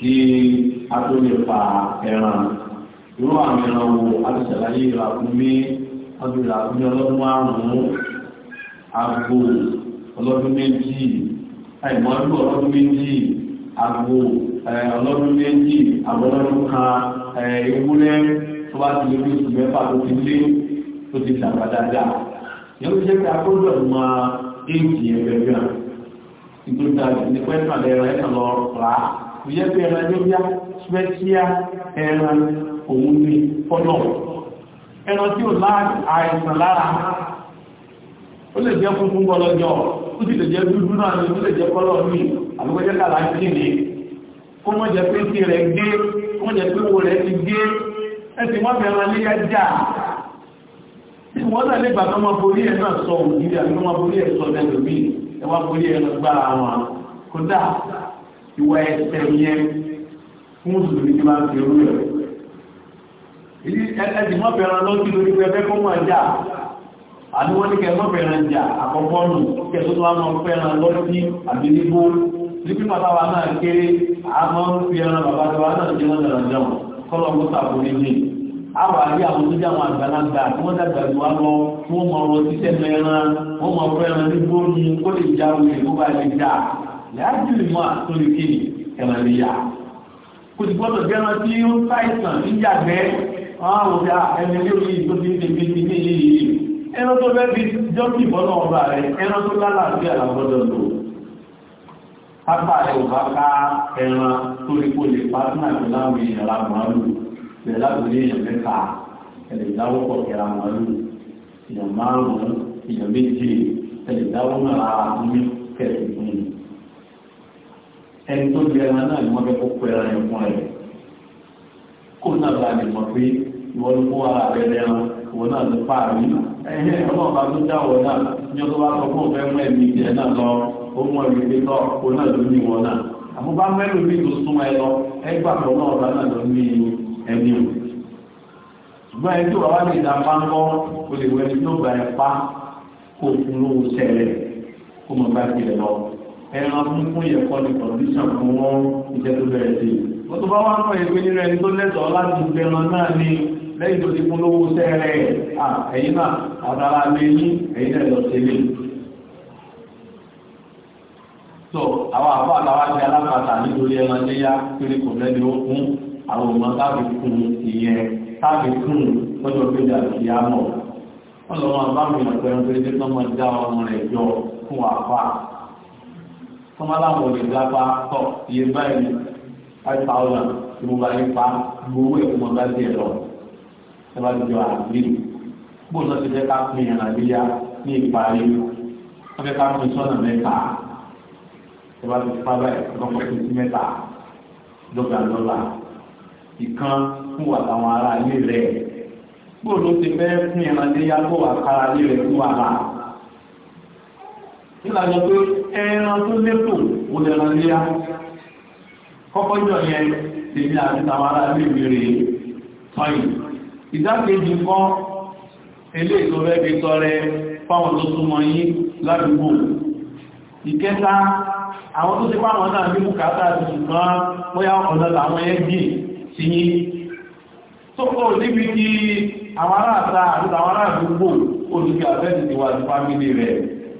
kí a tó lè pa ẹran irú àwọn ẹran wo adùsàlàyé ìràkúnmí adùsàlàkúnmí ọlọ́dún márùn-ún àgbò ọlọ́dún méjì àìmọ́lú ọlọ́dún méjì àgbò ọlọ́dún méjì àbọ̀lọ́dún kan ewúrẹ́ tó bá ti lé ní oṣù mẹ́fà tó ti lé tó ti dàgbà dáadáa yóò jẹ́ pé akójọ ìmọ̀ éèjì ẹgbẹ̀gbẹ̀ nítorí ta ìpẹ́sàn lẹ́rọ ẹ̀sán lọ rà á ìyẹ́ pé ẹran lóbíá spẹ́tíà ẹran òun ní fọ́lọ̀ ẹran tí ó láàrín àìsàn lára ó lè jẹ́ funfun bọ́lọ́jọ́ ó sì lè jẹ́ dúdú náà ní ó lè jẹ́ kọ́lọ̀ ní àbúgbẹ́jẹ́ kàlá sí ni kó mọ́ jẹ́ pé tí rẹ̀ gé kó mọ́ jẹ́ pé wo rẹ̀ ti gé ẹ̀sì wọ́n fẹ́ ẹran léyà jà tí wọ́n náà lè gbàgbọ́ máa borí ẹ̀ náà sọ òun ìdí àbí wọ́n máa borí ẹ̀ sọ ẹ̀lòmíì ẹ̀wọ́n borí ẹ̀ lọ gbára wọn kódà ìwà ẹ̀ṣẹ̀ yẹn fún mùsùlùmí tí máa ń fi orú rẹ̀. Èyí ẹ̀ẹ́dì mọ́ fẹ́ràn lọ́sí lórí pé ẹgbẹ́ kọ́mọ̀ jà. Àbí wọ́n ní kẹ́ mọ́ fẹ́ràn jà àkọ́kọ́ nù kẹ́ tó tó wá máa fẹ́ràn a máa ń fi ẹran bàbá wa náà jẹ́ wọn lọ́dọ̀ jẹun. A àwọn tó jáwọn àgbàlagbà tí wọ́n dàgbà jù wá lọ tí wọ́n ọ̀rọ̀ títẹ̀ mẹ́ran, wọ́n mọ̀ fẹ́ràn nígbó ni kó lè jáwé ìlú lè dáa láàbìlì mọ́ àtúnlé kíni ẹ̀rọ̀lẹ́yà kò sì gbọ́dọ̀ jẹ́ ẹran tí ó ṣàìsàn níjàgbẹ́ àwọn òbí ah, ẹni ilé orí tó ti ń ṣe bí ti ní ilé yìí ẹran tó fẹ́ fi jọ́kì bọ́nà ọba rẹ̀ ẹran tó lálàáfíà làgbọ́dọ̀ lò pápá rẹ̀ ò bá ká ẹran tó lè kó lè pátánà tó láwọn èèyàn la màálù lè lábòlé èèyàn mẹ́ta ẹ̀lẹ̀ ìdáwọ́ pọ̀ kẹra màálù èèyàn márùn-ún èèyàn méje ẹ̀lẹ̀ ìdáwọ́ náà ẹni tó di ẹran náà ni wọ́n fẹ́ kó kó ẹran yẹn fún ẹ kó náà bá lè mọ̀ pé ìwọ ló kó ara rẹ lẹ́ran ìwọ náà ló pa àrí ẹ̀yìn ọlọ́run bá tó dá ìwọ náà ní ọdún bá sọ fún ọ̀fẹ́ mú ẹ̀mí ìjẹ náà lọ ó mú ẹ̀mí ìjẹ lọ kó náà ló ní ìwọ náà àmọ́ bá mẹ́lò mi tó súnmọ́ ẹ lọ ẹgbà tó náà bá náà ló ní ẹni o ṣùgbọ́n ẹni tó wà wá lè dá pánkọ́ o lè wẹ́ni tó gbà ẹ pa kó fún lówó sẹ́lẹ̀ kó mọ̀ bá tilẹ̀ lọ ẹran fúnfún yẹ kọ́ ní kọ̀ǹdíṣàn fún wọn ìjẹ́ tó bẹ̀rẹ̀ sí. ó tó bá wá ń pọ̀ ìwé nínú ẹni tó lẹ́tọ̀ọ́ láti gbẹran náà ní lẹ́yìn tó ti fún lówó sẹ́rẹ̀ ẹ̀yìn náà àtàrà lẹ́yìn ẹ̀yìn náà lọ sí ilé. tó àwọn àbọ̀ àtàwọn àti alápàtà nítorí ẹran léyà péré kò lẹ́ni ó fún àwọn ọmọ táàbì kún ìyẹn táàbì kún lọ́jọ́ péjà ìyá mọ̀. wọ́n lọ́ tọ́mọ́ láwọn ò lè gba pa tọ̀ iye báyìí five thousand tí mo bá yẹ pa gbowó ẹ̀ fún ọba díẹ̀ lọ ẹ bá ti jọ àgbè bó lọ ti fẹ́ ká pín ìrìn àgbéyà ní ìparí wọ́n fẹ́ ká pín sọ́nà mẹ́ta ẹ bá ti fipá báyìí lọ́kọ̀ tó sí mẹ́ta dọ́gba dọ́gba ìkan fún wa ará ilé rẹ̀ bó ló ti fẹ́ pín ìrìn àgbéyà tó wà kára ilé rẹ̀ fún wa nílàjọ pé ẹran tó lépò òdẹ̀ràn lé á kọ́kọ́ jọ yẹn tèmi àti tàwọn ará ilé ìbèrè tọ́yìn ìdákejì kan ilé ìtọ́rẹ́ fi tọrẹ fáwọn tó súnmọ́ yí ládùúgbò ìkẹta àwọn tó ti fáwọn náà ní bùkátà ti ṣùgbọ́n bóyá ọ̀nà làwọn ẹgbì sí yí tó kọ́ níbi kí àwọn ará àta àti àwọn ará àdúgbò olùgbé àfẹ́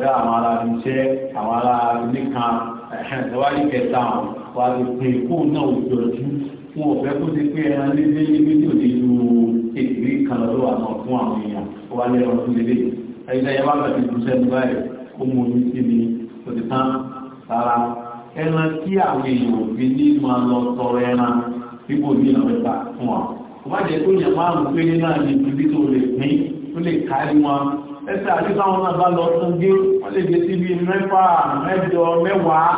bóyá àwọn ará mi jẹ́ àwọn ará mi kan ẹ̀hẹ́n tó wáyé kẹta wà lè pè kó náà òjòjú fún ọ̀fẹ́ kó ti pé ẹran lédè níbi tí ò ní ju èdè kan lọ́wọ́ àwọn fún àwọn èèyàn ó wá lẹ́rọ fún lédè ẹgbẹ́ yẹn wá bẹ̀rẹ̀ ti dùsẹ́ ní báyìí ó mú omi sí mi kò ti tán rárá ẹran tí àwọn èèyàn òbí ní máa lọ tọrọ ẹran bíbò ní ọ̀rẹ́ta fún wa. wọ́n jẹ́ kó yẹn márùn-ún pé nínú àyè ibi tó lè pín tó lè kárí wọn ẹsẹ̀ àti táwọn náà bá lọ tún gé wọ́n lè gbé sí bí mẹ́fà mẹ́jọ mẹ́wàá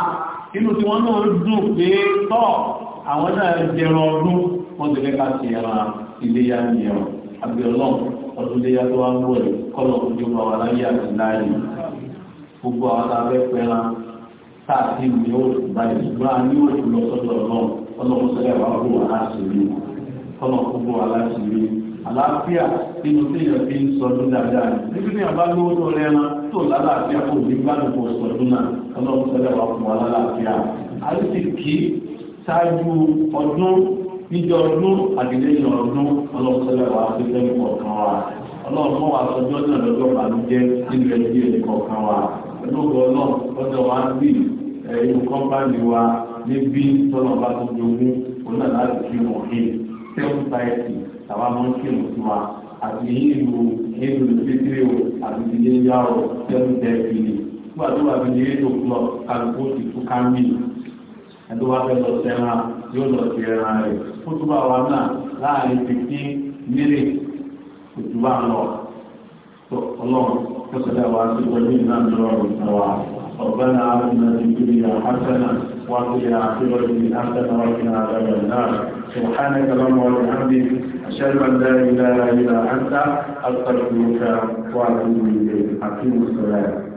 inú tí wọ́n náà dùn pé tọ́ àwọn náà jẹran ọdún wọ́n ti lẹ́ka sí ẹran iléyà nìyẹn abiolan ọdún iléyà tó wá ń wọ̀ kọ́lọ̀ ojú wa wà láyé àti láàyè gbogbo àwọn tá a fẹ́ pẹ́ran táàtì ní oṣù báyìí ṣùgbọ́n a ní oṣù lọ sọ́dọ̀ náà ọlọ́run sẹ́lẹ̀ wà ó wà láti rí ọlọ́run gbogbo wà láti rí àlàáfíà nínú tí èèyàn fi ń sọdún dáadáa ni níbi tí àbá lówó tó rẹran tó lálàáfíà kò ní gbádùn kò sọdún náà ọlọ́run sọlẹ̀ wà fún wa lálàáfíà àrísìkí ṣáájú ọdún níjọ ọdún àgbẹ̀lẹ́yìn ọdún ọlọ́run sọlẹ̀ wà fún ẹgbẹ́ kọ̀ọ̀kan wa ọlọ́run mọ́ wa sọjọ́ náà lọ́jọ́ bàlújẹ́ nínú ẹbí ẹni kọ̀ọ̀kan wa olóògbé ọlọ́run ọjọ́ wa ń bì ẹ̀yìn kọ́ńpáàlì wa níbi tọ́lọ̀ bá tó jogún òun náà tàbá mọ́ sí ìmùsùn wa àti ìlú ìlú títí o àti ìdílé yá o tẹ́lú tẹ́lú ni nígbà tó wà ní eight o'clock kálukú ti tún ká mí ẹ̀dọ́ wa fẹ́ lọ sẹ́ran yóò lọ sí ẹran rẹ̀ fún tó bá wa náà láàrin fifteen minutes kò tó bá lọ ọlọ́run tó wa sí wọlé ìlànà ìrọ̀rùn ìtàwà ọ̀gbẹ́ni àwọn ìlànà ìgbéyàwó hasanah wà sí àfihàn ìlànà ìrọ̀rùn ìtàwà سبحانك اللهم وبحمدك أشهد أن لا إله إلا أنت أستغفرك وأتوب إليك أقيم الصلاة